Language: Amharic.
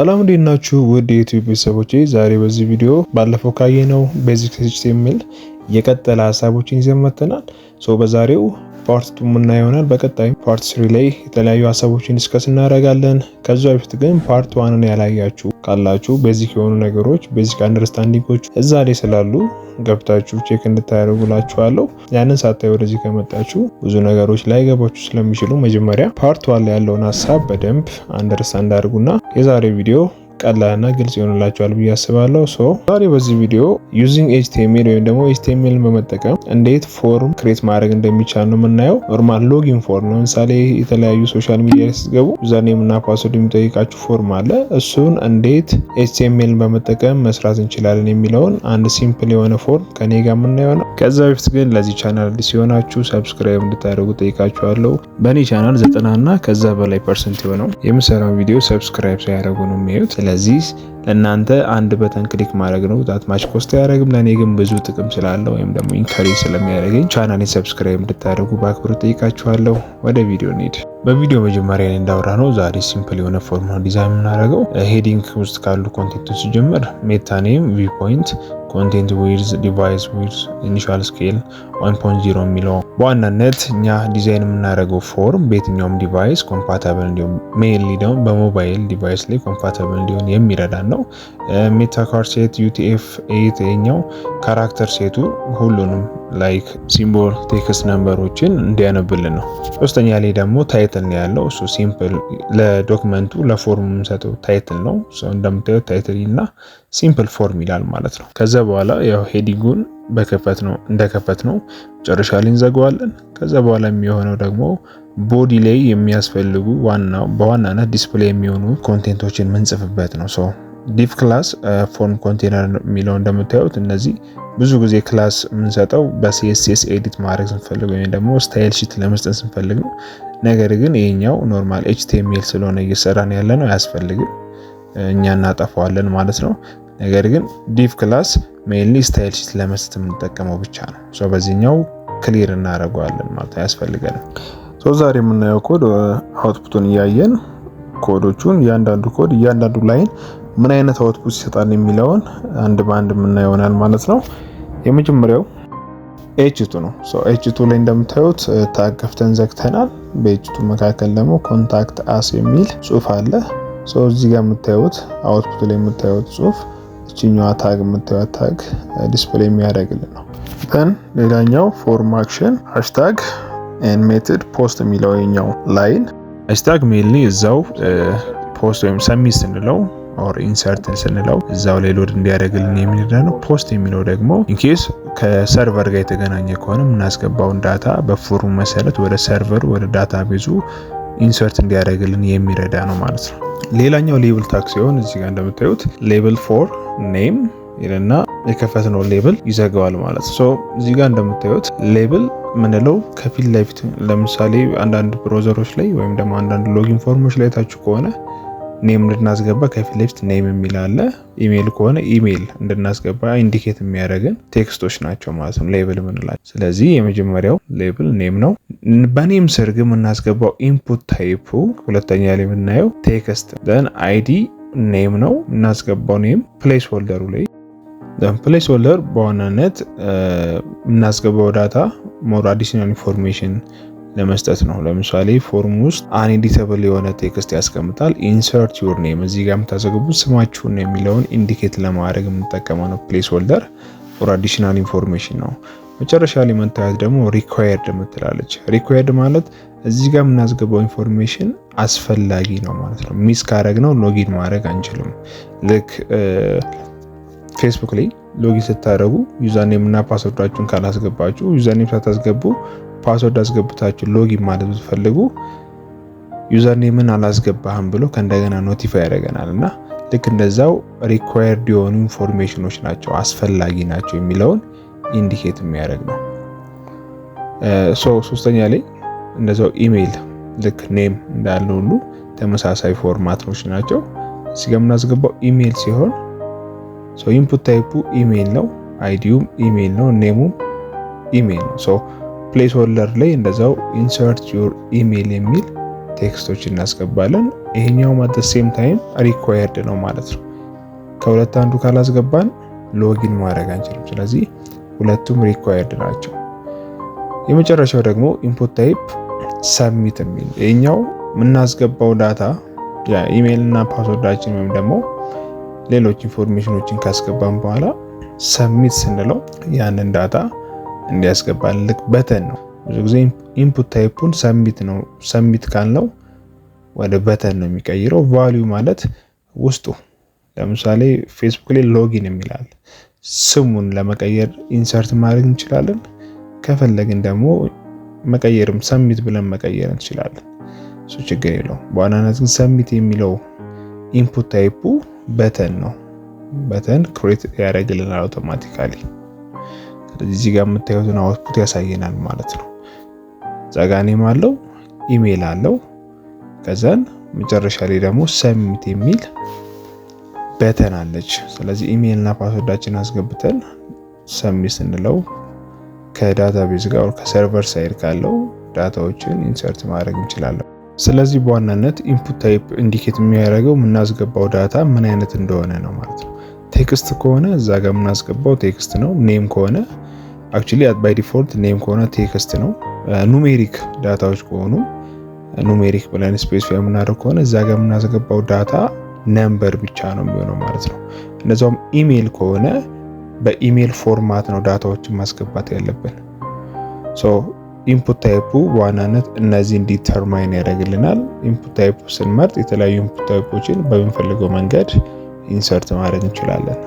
ሰላም እንዴት ናችሁ? ውድ የዩቲዩብ ቤተሰቦቼ ዛሬ በዚህ ቪዲዮ ባለፈው ካየነው ቤዚክ ኤችቲኤምኤል የቀጠለ ሀሳቦችን ይዘን መጥተናል። ሶ በዛሬው ፓርት ቱ ምና ይሆናል። በቀጣይ ፓርት ስሪ ላይ የተለያዩ ሀሳቦችን ዲስከስ እናደርጋለን። ከዛ በፊት ግን ፓርት ዋንን ያላያችሁ ካላችሁ ቤዚክ የሆኑ ነገሮች ቤዚክ አንደርስታንዲንጎች እዛ ላይ ስላሉ ገብታችሁ ቼክ እንድታደርጉላችኋለሁ። ያንን ሳታይ ወደዚህ ከመጣችሁ ብዙ ነገሮች ላይ ገባችሁ ስለሚችሉ መጀመሪያ ፓርት ዋን ላይ ያለውን ሀሳብ በደንብ አንደርስታንድ አድርጉና የዛሬ ቪዲዮ ቀላልና ግልጽ ይሆንላቸዋል ብዬ አስባለሁ። ሶ ዛሬ በዚህ ቪዲዮ ዩዚንግ ኤችቲኤምኤል ወይም ደግሞ ኤችቲኤምኤልን በመጠቀም እንዴት ፎርም ክሬት ማድረግ እንደሚቻል ነው የምናየው። ኖርማል ሎጊን ፎርም ነው። ለምሳሌ የተለያዩ ሶሻል ሚዲያ ላይ ስትገቡ ዩዘርኔም እና ፓስወርድ የሚጠይቃችሁ ፎርም አለ። እሱን እንዴት ኤችቲኤምኤልን በመጠቀም መስራት እንችላለን የሚለውን አንድ ሲምፕል የሆነ ፎርም ከኔ ጋር የምናየው ነው። ከዛ በፊት ግን ለዚህ ቻናል አዲስ ሲሆናችሁ ሰብስክራይብ እንድታደርጉ ጠይቃችኋለሁ። በእኔ ቻናል ዘጠና እና ከዛ በላይ ፐርሰንት የሆነው የምሰራው ቪዲዮ ሰብስክራይብ ሳያደርጉ ነው የሚያዩት። ስለዚህ ለእናንተ አንድ በተን ክሊክ ማድረግ ነው። ዛት ማች ኮስት ያደረግም ለእኔ ግን ብዙ ጥቅም ስላለው ወይም ደግሞ ኢንካሪ ስለሚያደርገኝ ቻናሌን ሰብስክራይብ እንድታደርጉ በአክብሮት ጠይቃችኋለሁ። ወደ ቪዲዮ እንሂድ። በቪዲዮ መጀመሪያ እንዳወራ ነው ዛሬ ሲምፕል የሆነ ፎርም ነው ዲዛይን የምናደርገው። ሄዲንግ ውስጥ ካሉ ኮንቴንቶች ሲጀምር ሜታ ኔም፣ ቪው ፖይንት፣ ኮንቴንት ዊድዝ፣ ዲቫይስ ዊድዝ፣ ኢኒሻል ስኬል 1.0 የሚለው በዋናነት እኛ ዲዛይን የምናደርገው ፎርም በየትኛውም ዲቫይስ ኮምፓታብል እንዲሆን ሜይንሊ ደግሞ በሞባይል ዲቫይስ ላይ ኮምፓታብል እንዲሆን የሚረዳን ነው። ሜታ ሴት ዩቲኤፍ ኤት ይኛው ካራክተር ሴቱ ሁሉንም ላይክ ሲምቦል ቴክስት ነምበሮችን እንዲያነብልን ነው። ሶስተኛ ላይ ደግሞ ታይትል ነው ያለው። እሱ ሲምፕል ለዶክመንቱ ለፎርም የምንሰጠው ታይትል ነው። እንደምታዩት ታይትል እና ሲምፕል ፎርም ይላል ማለት ነው። ከዛ በኋላ ያው ሄዲንጉን በከፈት ነው እንደከፈት ነው መጨረሻ ላይ እንዘጋዋለን። ከዛ በኋላ የሚሆነው ደግሞ ቦዲ ላይ የሚያስፈልጉ ዋናው በዋናነት ዲስፕሌይ የሚሆኑ ኮንቴንቶችን የምንጽፍበት ነው ሰው ዲፍ ክላስ ፎርም ኮንቴነር የሚለው እንደምታዩት እነዚህ ብዙ ጊዜ ክላስ የምንሰጠው በሲኤስኤስ ኤዲት ማድረግ ስንፈልግ ወይም ደግሞ ስታይል ሺት ለመስጠት ስንፈልግ ነው። ነገር ግን ይሄኛው ኖርማል ኤችቲኤምኤል ስለሆነ እየሰራን ያለ ነው አያስፈልግም፣ እኛ እናጠፋዋለን ማለት ነው። ነገር ግን ዲፍ ክላስ ሜይንሊ ስታይል ሺት ለመስጠት የምንጠቀመው ብቻ ነው። ሶ በዚህኛው ክሊር እናደርገዋለን ማለት አያስፈልገንም። ሶ ዛሬ የምናየው ኮድ አውትፑቱን እያየን ኮዶቹን እያንዳንዱ ኮድ እያንዳንዱ ላይን ምን አይነት አውትፑት ይሰጣል የሚለውን አንድ በአንድ የምናየው ይሆናል ማለት ነው። የመጀመሪያው ኤችቱ ነው። ኤችቱ ላይ እንደምታዩት ታግ uh, ከፍተን ዘግተናል። በኤችቱ መካከል ደግሞ ኮንታክት አስ የሚል ጽሁፍ አለ። እዚህ ጋር የምታዩት አውትፑት ላይ የምታዩት ጽሁፍ እችኛዋ ታግ የምታዩት ታግ ዲስፕሌይ uh, የሚያደርግልን ነው። ተን ሌላኛው ፎርም አክሽን ሃሽታግ ኤን ሜትድ ፖስት የሚለው የኛው ላይን ሃሽታግ ሜይል እዛው ፖስት uh, ወይም ሰሚስ እንለው ኦር ኢንሰርትን ስንለው እዛው ላይ ሎድ እንዲያደርግልን የሚረዳ ነው። ፖስት የሚለው ደግሞ ኢንኬስ ከሰርቨር ጋር የተገናኘ ከሆነ የምናስገባውን ዳታ በፎርሙ መሰረት ወደ ሰርቨሩ ወደ ዳታ ቤዙ ኢንሰርት እንዲያደርግልን የሚረዳ ነው ማለት ነው። ሌላኛው ሌብል ታግ ሲሆን እዚህ ጋር እንደምታዩት ሌብል ፎር ኔም ይልና የከፈትነው ሌብል ይዘገዋል ማለት ነው። እዚህ ጋር እንደምታዩት ሌብል ምንለው ከፊት ለፊት ለምሳሌ አንዳንድ ብሮዘሮች ላይ ወይም ደግሞ አንዳንድ ሎጊን ፎርሞች ላይ ታችሁ ከሆነ ኔም እንድናስገባ ከፊት ለፊት ኔም የሚል አለ። ኢሜይል ከሆነ ኢሜይል እንድናስገባ ኢንዲኬት የሚያደርግን ቴክስቶች ናቸው ማለት ነው፣ ሌብል ምንላቸው። ስለዚህ የመጀመሪያው ሌብል ኔም ነው። በኔም ስር ግን የምናስገባው ኢንፑት ታይፑ ሁለተኛ ላይ የምናየው ቴክስት ን አይዲ ኔም ነው የምናስገባው ኔም ፕሌስ ሆልደሩ ላይ ፕሌስ ሆልደር በዋናነት የምናስገባው ዳታ ሞር አዲሽናል ኢንፎርሜሽን ለመስጠት ነው። ለምሳሌ ፎርም ውስጥ አን ኤዲተብል የሆነ ቴክስት ያስቀምጣል። ኢንሰርት ዩር ኔም እዚህ ጋር የምታስገቡት ስማችሁን የሚለውን ኢንዲኬት ለማድረግ የምንጠቀመው ነው ፕሌስ ሆልደር ኦር አዲሽናል ኢንፎርሜሽን ነው። መጨረሻ ላይ መታየት ደግሞ ሪኳየርድ የምትላለች። ሪኳየርድ ማለት እዚህ ጋር የምናስገባው ኢንፎርሜሽን አስፈላጊ ነው ማለት ነው። ሚስ ካረግ ነው ሎጊን ማድረግ አንችልም። ልክ ፌስቡክ uh, ላይ ሎጊን ስታደረጉ ዩዘርኔም እና ፓስወርዳችሁን ካላስገባችሁ ዩዘርኔም ሳታስገቡ ፓስወርድ አስገብታችሁ ሎጊን ማለት ብትፈልጉ ዩዘር ኔምን አላስገባህም ብሎ ከእንደገና ኖቲፋይ ያደርገናል እና ልክ እንደዛው ሪኳየርድ የሆኑ ኢንፎርሜሽኖች ናቸው አስፈላጊ ናቸው የሚለውን ኢንዲኬት የሚያደርግ ነው። ሶስተኛ ላይ እንደዛው ኢሜይል ልክ ኔም እንዳለ ሁሉ ተመሳሳይ ፎርማቶች ናቸው። እዚህ ጋር የምናስገባው ኢሜይል ሲሆን ኢንፑት ታይፑ ኢሜይል ነው፣ አይዲዩም ኢሜይል ነው፣ ኔሙም ኢሜይል ነው። ፕሌስ ሆልደር ላይ እንደዛው ኢንሰርት ዩር ኢሜል የሚል ቴክስቶች እናስገባለን። ይሄኛው አት ሴም ታይም ሪኳየርድ ነው ማለት ነው። ከሁለት አንዱ ካላስገባን ሎጊን ማድረግ አንችልም። ስለዚህ ሁለቱም ሪኳየርድ ናቸው። የመጨረሻው ደግሞ ኢንፑት ታይፕ ሰብሚት የሚል ይሄኛው የምናስገባው ዳታ ኢሜይል እና ፓስወርዳችን ወይም ደግሞ ሌሎች ኢንፎርሜሽኖችን ካስገባን በኋላ ሰብሚት ስንለው ያንን ዳታ እንዲያስገባል ልክ በተን ነው። ብዙ ጊዜ ኢንፑት ታይፑን ሰሚት ነው። ሰሚት ካልነው ወደ በተን ነው የሚቀይረው። ቫሊዩ ማለት ውስጡ ለምሳሌ ፌስቡክ ላይ ሎጊን የሚላል ስሙን ለመቀየር ኢንሰርት ማድረግ እንችላለን። ከፈለግን ደግሞ መቀየርም ሰሚት ብለን መቀየር እንችላለን። እሱ ችግር የለው በዋናነት ግን ሰሚት የሚለው ኢንፑት ታይፑ በተን ነው። በተን ክሬት ያደርግልናል አውቶማቲካሊ። እዚህ ጋር የምታዩትን አውትፑት ያሳየናል ማለት ነው። ጸጋኔም አለው ኢሜል አለው ከዛን መጨረሻ ላይ ደግሞ ሰሚት የሚል በተን አለች። ስለዚህ ኢሜልና እና ፓስወርዳችን አስገብተን ሰሚት ስንለው ከዳታቤዝ ጋር ከሰርቨር ሳይድ ካለው ዳታዎችን ኢንሰርት ማድረግ እንችላለን። ስለዚህ በዋናነት ኢንፑት ታይፕ ኢንዲኬት የሚያደርገው የምናስገባው ዳታ ምን አይነት እንደሆነ ነው ማለት ነው። ቴክስት ከሆነ እዛ ጋር የምናስገባው ቴክስት ነው። ኔም ከሆነ አክቹሊ ባይ ዲፎልት ኔም ከሆነ ቴክስት ነው። ኑሜሪክ ዳታዎች ከሆኑ ኑሜሪክ ብለን ስፔሲፋይ የምናደርግ ከሆነ እዛ ጋር የምናስገባው ዳታ ነምበር ብቻ ነው የሚሆነው ማለት ነው። እነዚያውም ኢሜይል ከሆነ በኢሜይል ፎርማት ነው ዳታዎችን ማስገባት ያለብን። ሶ ኢንፑት ታይፑ በዋናነት እነዚህን ዲተርማይን ያደርግልናል። ኢንፑት ታይፑ ስንመርጥ የተለያዩ ኢንፑት ታይፖችን በምንፈልገው መንገድ ኢንሰርት ማድረግ እንችላለን።